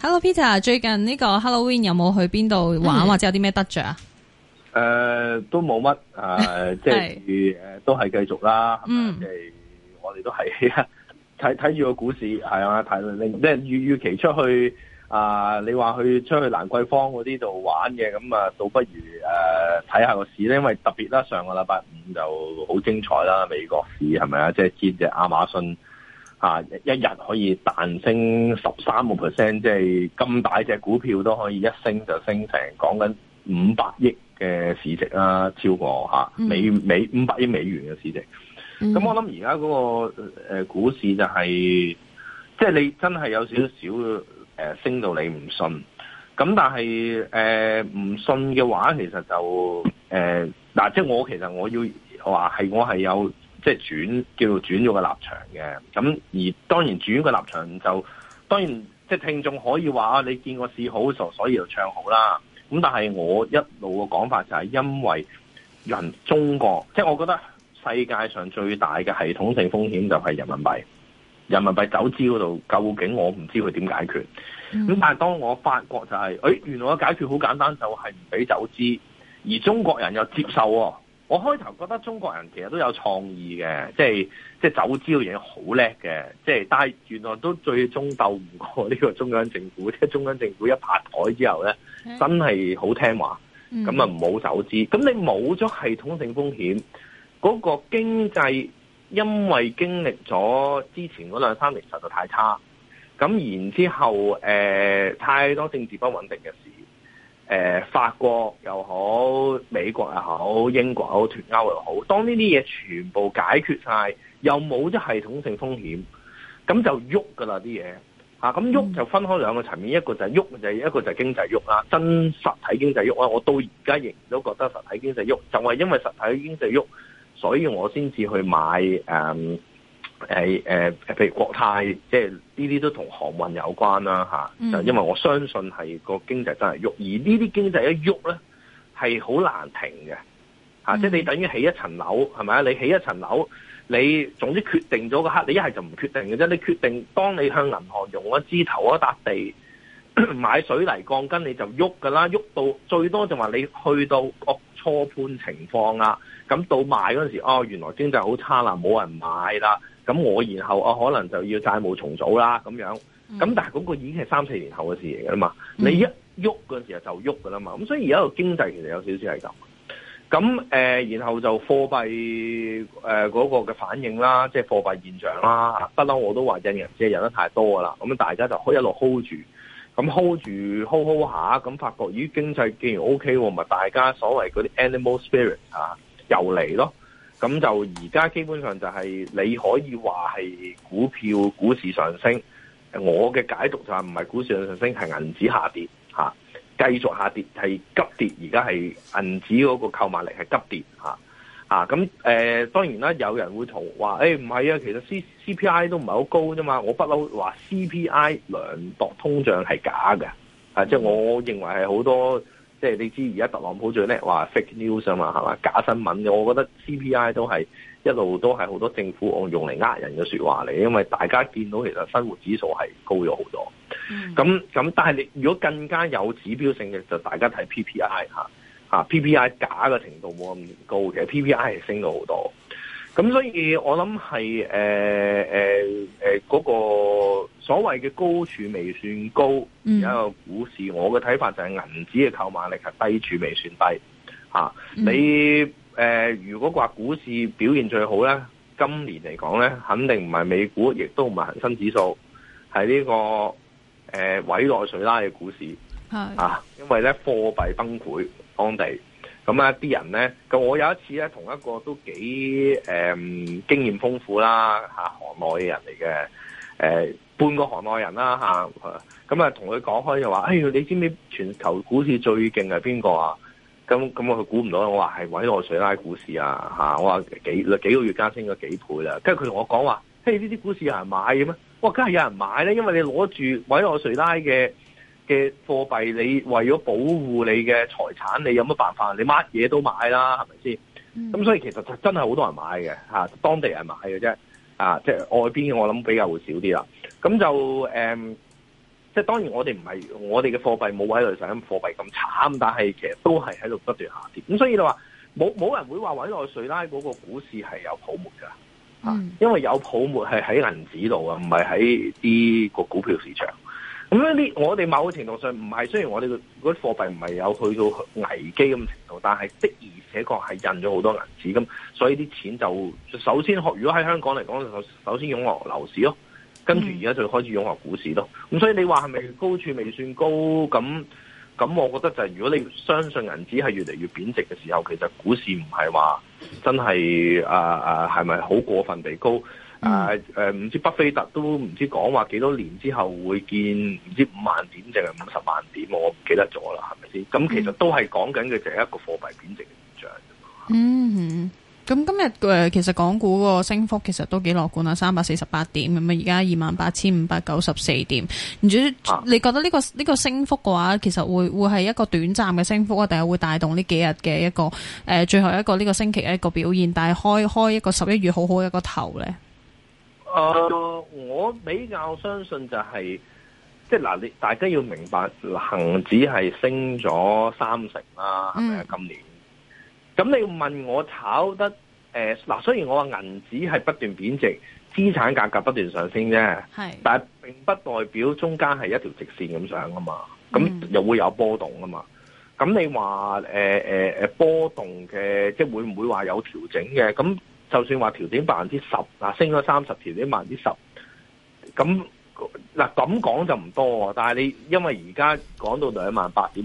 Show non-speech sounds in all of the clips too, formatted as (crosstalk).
Hello Peter，最近呢個 Halloween 有冇去邊度玩、嗯、或者有啲咩得着啊？誒、呃，都冇乜誒，呃、 (laughs) 即係是 (laughs) 都係繼續啦。嗯，是我哋都係睇睇住個股市係啊，睇下即係預預期出去啊、呃，你話去出去蘭桂坊嗰啲度玩嘅咁啊，倒不如誒睇下個市咧，因為特別啦，上個禮拜五就好精彩啦，美國市係咪啊？即係跌隻亞馬遜。吓，一日可以彈升十三個 percent，即係咁大隻股票都可以一升就升成講緊五百億嘅市值啦，超過吓美美五百億美元嘅市值。咁、嗯、我諗而家嗰個誒股市就係、是，即、就、係、是、你真係有少少誒升到你唔信，咁但係誒唔信嘅話，其實就誒嗱、呃，即係我其實我要話係我係有。即係轉叫做轉咗個立場嘅，咁而當然轉個立場就當然即係聽眾可以話啊，你見個市好，所所以就唱好啦。咁但係我一路嘅講法就係因為人中國，即係我覺得世界上最大嘅系統性風險就係人民幣，人民幣走資嗰度究竟我唔知佢點解決。咁但係當我發覺就係、是，誒、哎、原來嘅解決好簡單，就係唔俾走資，而中國人又接受、哦。我開頭覺得中國人其實都有創意嘅，即係即係走資個嘢好叻嘅，即係但係原來都最終鬥唔過呢個中央政府，即係中央政府一拍台之後咧，okay。真係好聽話，咁啊唔好走資，咁你冇咗系統性風險，嗰個經濟因為經歷咗之前嗰兩三年實在太差，咁然之後誒太多政治不穩定嘅事。誒、呃、法國又好，美國又好，英國又好，脫歐又好，當呢啲嘢全部解決晒，又冇一系統性風險，咁就喐噶啦啲嘢嚇，咁喐、啊、就分開兩個層面，一個就係喐，一個就係、是、經濟喐真實體經濟喐，我到而家仍然都覺得實體經濟喐，就係、是、因為實體經濟喐，所以我先至去買、嗯誒、哎、誒，譬、呃、如國泰，即係呢啲都同航運有關啦、啊 mm -hmm. 就因為我相信係個經濟真係喐，而呢啲經濟一喐咧，係好難停嘅、啊 mm -hmm. 即係你等於起一層樓，係咪啊？你起一層樓，你總之決定咗個刻，你一係就唔決定嘅啫。你決定當你向銀行用一枝頭一笪地 (coughs) 買水泥鋼筋，你就喐噶啦，喐到最多就話你去到個初盤情況啦。咁到賣嗰陣時，哦，原來經濟好差啦，冇人買啦。咁我然後我、啊、可能就要債務重組啦，咁樣，咁但係嗰個已經係三四年後嘅事嚟噶啦嘛。你一喐嗰陣時候就喐噶啦嘛。咁所以而家個經濟其實有少少係咁。咁誒、呃，然後就貨幣誒嗰、呃那個嘅反應啦，即係貨幣現象啦。不嬲我都話印人，即係印得太多噶啦，咁大家就可以一路 hold 住，咁 hold 住 hold hold 下，咁發覺咦經濟既然 OK 喎，咪大家所謂嗰啲 animal spirit 啊又嚟咯。咁就而家基本上就係你可以話係股票股市上升，我嘅解讀就係唔係股市上升，係銀紙下跌、啊、繼續下跌係急跌，而家係銀紙嗰個購買力係急跌嚇。咁誒當然啦，有人會同話誒唔係啊，其實 C C P I 都唔係好高啫嘛，我不嬲話 C P I 量度通脹係假嘅，啊，即係我認為係好多。即係你知而家特朗普最叻話 fake news 啊嘛，係嘛假新聞。我覺得 CPI 都係一路都係好多政府用嚟呃人嘅說話嚟，因為大家見到其實生活指數係高咗好多。咁、嗯、咁，但係你如果更加有指標性嘅，就大家睇 PPI 吓，吓 PPI 假嘅程度冇咁高嘅，PPI 係升咗好多。咁所以我諗係誒誒誒嗰個。所謂嘅高處未算高，而家個股市，嗯、我嘅睇法就係銀紙嘅購買力係低處未算低。啊、你誒、呃，如果話股市表現最好咧，今年嚟講咧，肯定唔係美股，亦都唔係恒生指數，係呢、呢個誒、呃、委內瑞拉嘅股市係。啊，因為咧貨幣崩潰當地，咁啊啲人咧，咁我有一次咧，同一個都幾誒、嗯、經驗豐富啦吓行、啊、內嘅人嚟嘅。誒，半個行外人啦咁啊，同、啊、佢、啊啊、講開就話，哎你知唔知全球股市最勁係邊個啊？咁咁，佢估唔到，我話係委內瑞拉股市啊吓、啊、我話幾幾個月間升咗幾倍啦、啊。跟住佢同我講話，嘿、哎，呢啲股市有人買嘅咩？哇梗係有人買呢，因為你攞住委內瑞拉嘅嘅貨幣，你為咗保護你嘅財產，你有乜辦法？你乜嘢都買啦，係咪先？咁所以其實真係好多人買嘅嚇、啊，當地人買嘅啫。啊，即係外邊嘅，我諗比較會少啲啦。咁就誒、嗯，即係當然我哋唔係，我哋嘅貨幣冇委內瑞拉貨幣咁慘，但係其實都係喺度不斷下跌。咁所以你話冇冇人會話委內瑞拉嗰個股市係有泡沫噶？啊、嗯，因為有泡沫係喺銀紙度啊，唔係喺啲個股票市場。咁呢啲，我哋某個程度上唔係，雖然我哋嗰啲貨幣唔係有去到危機咁程度，但係的而且確係印咗好多銀紙咁，所以啲錢就首先學，如果喺香港嚟講，首首先湧落樓市咯，跟住而家就開始湧落股市咯。咁所以你話係咪高處未算高？咁咁，我覺得就係如果你相信銀紙係越嚟越貶值嘅時候，其實股市唔係話真係啊啊，係咪好過分地高？誒、嗯、誒，唔、啊呃、知巴菲特都唔知講話幾多年之後會見唔知五萬點定係五十萬點，我唔記得咗啦，係咪先？咁、嗯、其實都係講緊嘅就係一個貨幣貶值嘅現象。嗯、咁、嗯、今日誒、呃，其實港股個升幅其實都幾樂觀啊，三百四十八點咁啊，而家二萬八千五百九十四點。唔知你覺得呢、這個呢、這個升幅嘅話，其實會會係一個短暫嘅升幅啊？定係會帶動呢幾日嘅一個誒、呃、最後一個呢個星期一個表現？但係開開一個十一月好好一個頭咧？誒、呃，我比較相信就係、是，即係嗱，你大家要明白，恒指係升咗三成啦，係咪啊？今年咁你問我炒得誒，嗱、呃，雖然我話銀紙係不斷貶值，資產價格不斷上升啫，係，但並不代表中間係一條直線咁上，噶嘛，咁又會有波動噶嘛，咁你話誒誒誒波動嘅，即係會唔會話有調整嘅？咁就算話調整百分之十，嗱，升咗三十條，調整百分之十，咁嗱咁講就唔多喎。但係你因為而家講到兩萬八點，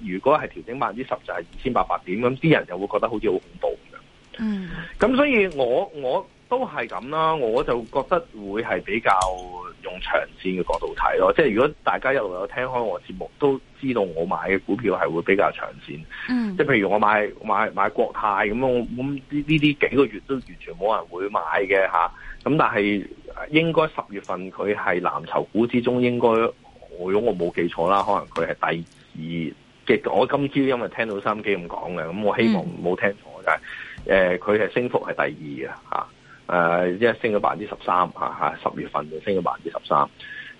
如果係調整百分之十就係二千八百點，咁啲人就會覺得好似好恐怖咁樣。嗯，咁所以我我。都係咁啦，我就覺得會係比較用長線嘅角度睇咯。即係如果大家一路有聽開我節目，都知道我買嘅股票係會比較長線。即、嗯、係譬如我買買買國泰咁啊，咁呢呢啲幾個月都完全冇人會買嘅嚇。咁但係應該十月份佢係藍籌股之中，應該如果我冇記錯啦，可能佢係第二嘅。我今朝因為聽到三機咁講嘅，咁我希望冇聽錯嘅，但係誒佢係升幅係第二嘅嚇。誒、呃，一升咗百分之十三嚇嚇，十月份就升咗百分之十三。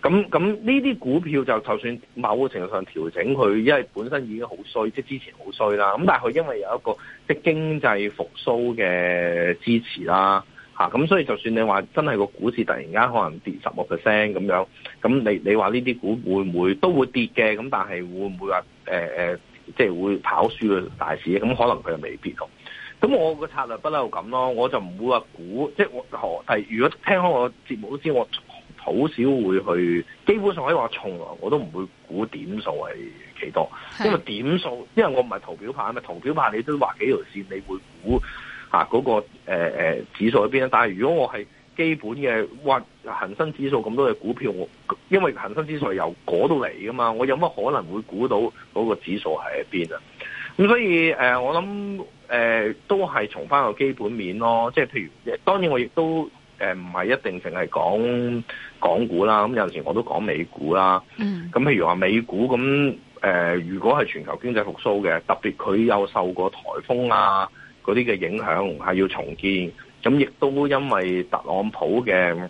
咁咁呢啲股票就就算某程度上調整佢，佢因為本身已經好衰，即係之前好衰啦。咁但係佢因為有一個即係經濟復甦嘅支持啦吓。咁所以就算你話真係個股市突然間可能跌十個 percent 咁樣，咁你你話呢啲股會唔會都會跌嘅？咁但係會唔會話誒誒即係會跑輸嘅大市？咁可能佢又未必咯。咁我個策略不嬲咁咯，我就唔會話估，即係我何係？如果聽開我節目都知，我好少會去，基本上可以話從來我都唔會估點數係幾多，因為點數，因為我唔係圖表派啊嘛。圖表派你都畫幾條線，你會估吓嗰個誒誒、呃、指數喺邊啊，但係如果我係基本嘅話恒生指數咁多嘅股票，我因為恒生指數係由嗰度嚟噶嘛，我有乜可能會估到嗰個指數係喺邊啊？咁所以誒、呃，我諗。誒、呃、都係重返個基本面咯，即係譬如當然我亦都誒唔係一定淨係講港股啦，咁、嗯、有時我都講美股啦。咁譬如話美股咁誒、呃，如果係全球經濟復甦嘅，特別佢又受過颱風啊嗰啲嘅影響，係要重建，咁亦都因為特朗普嘅。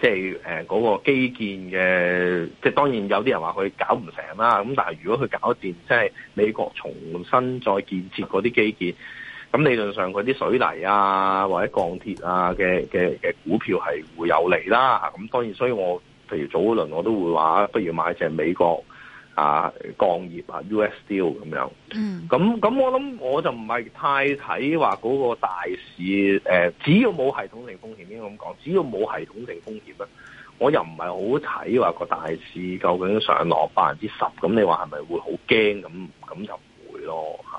即係嗰、呃嗰個基建嘅，即係當然有啲人話佢搞唔成啦。咁但係如果佢搞掂，即係美國重新再建設嗰啲基建，咁理論上佢啲水泥啊或者鋼鐵啊嘅嘅嘅股票係會有利啦。咁當然，所以我譬如早嗰輪我都會話，不如買隻美國。啊，鋼業啊，US Steel 咁樣，咁、mm. 咁我諗我就唔係太睇話嗰個大市，誒、呃，只要冇系統性風險，應該咁講，只要冇系統性風險咧，我又唔係好睇話個大市究竟上落百分之十，咁你話係咪會好驚咁？咁就唔會咯，嚇。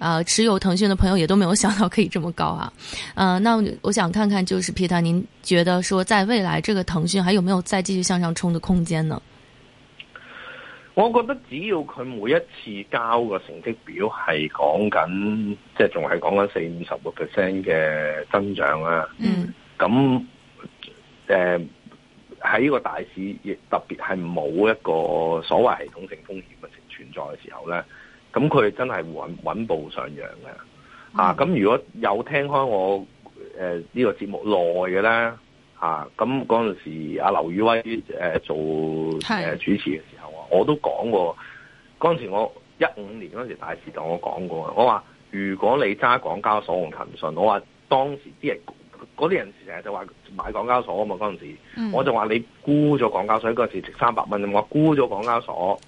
啊、呃，持有騰訊的朋友也都沒有想到可以這麼高啊，嗯、呃，那我想看看，就是 Peter，您覺得說，在未來這個騰訊還有沒有再繼續向上衝的空間呢？我覺得只要佢每一次交個成績表係講緊，即係仲係講緊四五十個 percent 嘅增長啦、啊，嗯，咁誒喺呢個大市亦特別係冇一個所謂系統性風險嘅存在嘅時候咧。咁佢真係穩步上揚嘅，嚇、啊、咁、啊、如果有聽開我呢、呃呢個節目內嘅呢，嚇、咁嗰陣時阿劉宇威、呃、做、呃、主持嘅時候我都講過，嗰陣時我一五年嗰陣時大市同我講過，我話如果你揸港交所同騰訊，我話當時啲人嗰啲人成日就話買港交所啊嘛，嗰陣時、嗯、我就話你估咗港交所嗰陣時值三百蚊，我估咗港交所。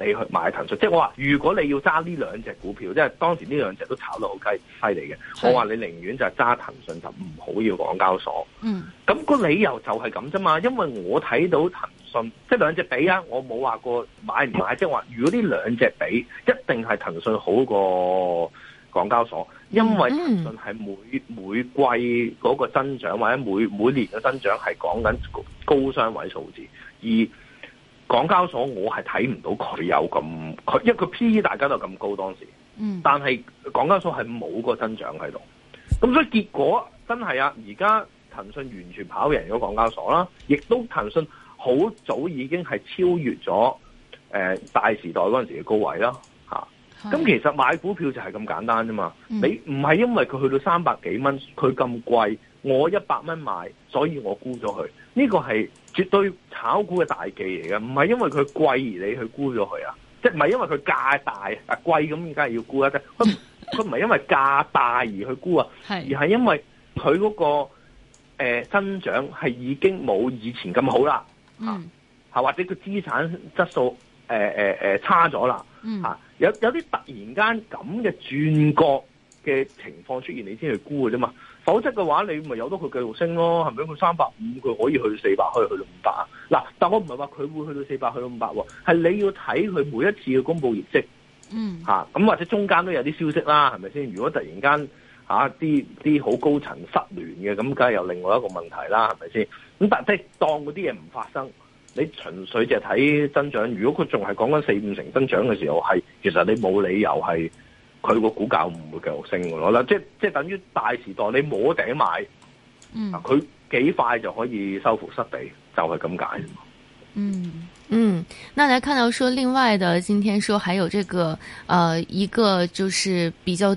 你去買騰訊，即係我話，如果你要揸呢兩隻股票，即係當時呢兩隻都炒得好雞犀利嘅。我話你寧願就係揸騰訊就唔好要、要港交所。嗯，咁、嗰個理由就係咁啫嘛，因為我睇到騰訊，即係兩隻比啊，我冇話過買唔買，嗯、即係話如果呢兩隻比，一定係騰訊好過港交所，因為騰訊係每每季嗰個增長或者每每年嘅增長係講緊高雙位數字，而港交所我係睇唔到佢有咁，佢一個 PE 大家都咁高當時，嗯，但係港交所係冇個增長喺度，咁所以結果真係啊，而家騰訊完全跑贏咗港交所啦，亦都騰訊好早已經係超越咗誒、呃、大時代嗰陣時嘅高位啦，嚇、啊，咁其實買股票就係咁簡單啫嘛，嗯、你唔係因為佢去到三百幾蚊，佢咁貴。我一百蚊買，所以我沽咗佢。呢、這個係絕對炒股嘅大忌嚟嘅，唔係因為佢貴而你去沽咗佢啊，即係唔係因為佢價大啊貴咁，梗係要沽一啲。佢佢唔係因為價大而去沽、那個呃、啊，而係因為佢嗰個誒增長係已經冇以前咁好啦，吓或者個資產質素誒誒誒差咗啦，吓、啊、有有啲突然間咁嘅轉角。嘅情況出現，你先去估嘅啫嘛，否則嘅話，你咪由得佢繼續升咯，係咪？佢三百五，佢可以去到四百，可以去到五百。嗱，但我唔係話佢會去到四百，去到五百喎，係你要睇佢每一次嘅公佈業績，嗯，吓、啊、咁或者中間都有啲消息啦，係咪先？如果突然間吓啲啲好高層失聯嘅，咁梗係有另外一個問題啦，係咪先？咁但係當嗰啲嘢唔發生，你純粹就睇增長。如果佢仲係講緊四五成增長嘅時候，係其實你冇理由係。佢個股價唔會繼續升嘅咯，嗱即即等於大時代你摸頂買，佢幾快就可以收復失地，就係咁解。嗯嗯，那嚟看到說，另外的今天說還有這個，呃，一個就是比較。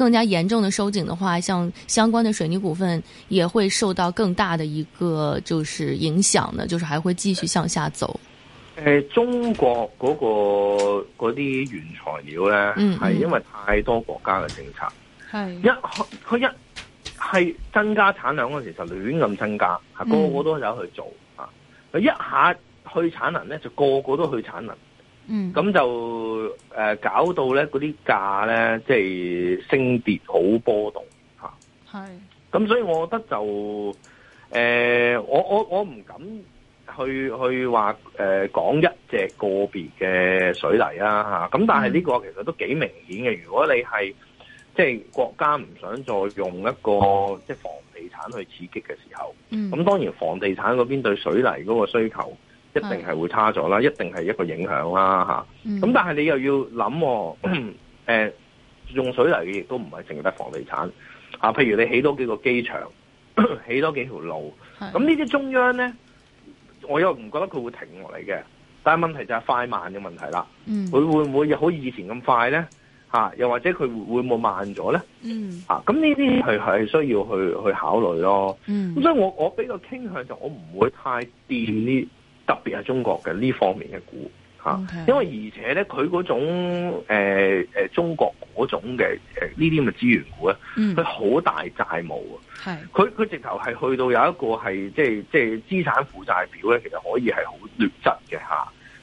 更加嚴重的收緊的話，像相關的水泥股份也會受到更大的一個就是影響呢，就是還會繼續向下走。呃、中國嗰、那個嗰啲原材料呢，係、嗯、因為太多國家嘅政策，嗯、一佢一係增加產量嗰陣時候就亂咁增加，係個個都有去做啊！佢、嗯、一下去產能呢，就個個都去產能。嗯，咁就誒、呃，搞到咧嗰啲價咧，即係、就是、升跌好波動吓。係，咁、啊、所以我覺得就誒、呃，我我我唔敢去去話誒講一隻個別嘅水泥啦、啊、吓。咁、啊、但係呢個其實都幾明顯嘅。如果你係即係國家唔想再用一個即係、就是、房地產去刺激嘅時候，咁、嗯、當然房地產嗰邊對水泥嗰個需求。一定係會差咗啦，一定係一個影響啦，吓、嗯。咁但係你又要諗，誒、嗯嗯，用水嚟嘅，亦都唔係淨得房地產，啊，譬如你起多幾個機場， (coughs) 起多幾條路，咁呢啲中央咧，我又唔覺得佢會停落嚟嘅。但係問題就係快慢嘅問題啦。嗯。佢會唔會好似以前咁快咧？吓、啊，又或者佢會唔會慢咗咧？嗯。吓、啊，咁呢啲係係需要去去考慮咯。嗯。咁所以我我比較傾向就我唔會太掂呢。特別係中國嘅呢方面嘅股、okay. 因為而且咧佢嗰種、呃、中國嗰種嘅誒呢啲咁嘅資源股咧，佢、嗯、好大債務啊！佢佢直頭係去到有一個係即係即係資產負債表咧，其實可以係好劣質嘅，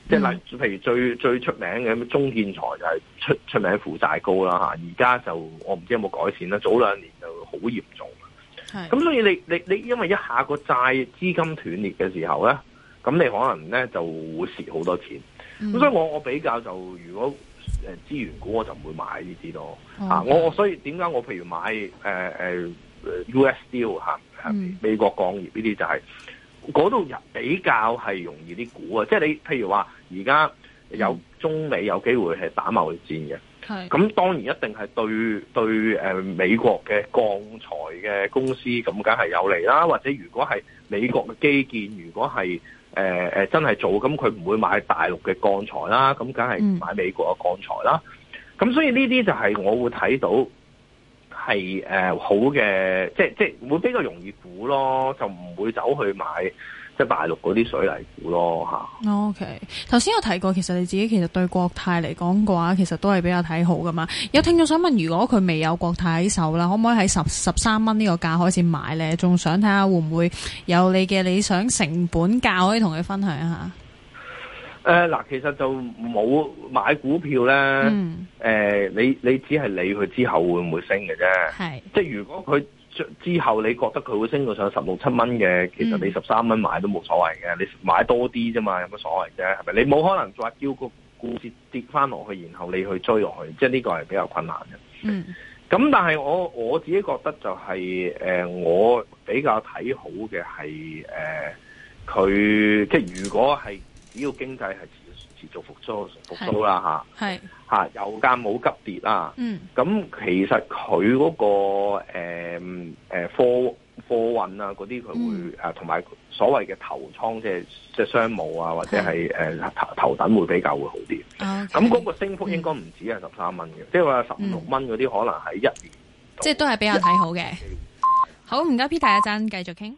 即係例如最最出名嘅中建材就係出出名負債高啦，而家就我唔知有冇改善啦，早兩年就好嚴重。咁，所以你你你因為一下個債資金斷裂嘅時候咧。咁你可能咧就會蝕好多錢、嗯，咁所以我我比較就如果誒資源股我就唔會買呢啲咯嚇，我我、哦、所以點解我譬如買誒、呃呃、USD、呃、美國鋼業呢啲就係嗰度比較係容易啲股啊，即係你譬如話而家由中美有機會係打貿易戰嘅，咁當然一定係對對美國嘅鋼材嘅公司咁梗係有利啦，或者如果係美國嘅基建，如果係誒、呃、誒真係做咁，佢唔會買大陸嘅鋼材啦，咁梗係買美國嘅鋼材啦。咁所以呢啲就係我會睇到係誒好嘅，即即會比較容易估咯，就唔會走去買。即係大陸嗰啲水泥股咯吓。OK，頭先我提過，其實你自己其實對國泰嚟講嘅話，其實都係比較睇好㗎嘛。有聽眾想問，如果佢未有國泰喺手啦，可唔可以喺十十三蚊呢個價開始買呢？仲想睇下會唔會有你嘅理想成本價，可以同佢分享一下。呃，嗱，其實就冇買股票呢。嗯。呃，你你只係理佢之後會唔會升嘅啫。係，即係如果佢。之後你覺得佢會升到上十六七蚊嘅，其實你十三蚊買都冇所謂嘅，你買多啲啫嘛，有乜所謂啫？係咪？你冇可能再叫個股市跌翻落去，然後你去追落去，即係呢個係比較困難嘅。嗯。咁但係我我自己覺得就係、係呃、我比較睇好嘅係佢即係如果係只要經濟係。持續復甦復甦啦吓，係吓油價冇急跌啦嗯，咁其實佢嗰個誒誒貨貨運啊嗰啲，佢會誒同埋所謂嘅頭倉，即係即係商務啊或者係誒頭頭等會比較會好啲，咁嗰個升幅應該唔止係十三蚊嘅，即係話十六蚊嗰啲可能喺一，即係都係比較睇好嘅。好，唔該 Peter，待陣繼續傾。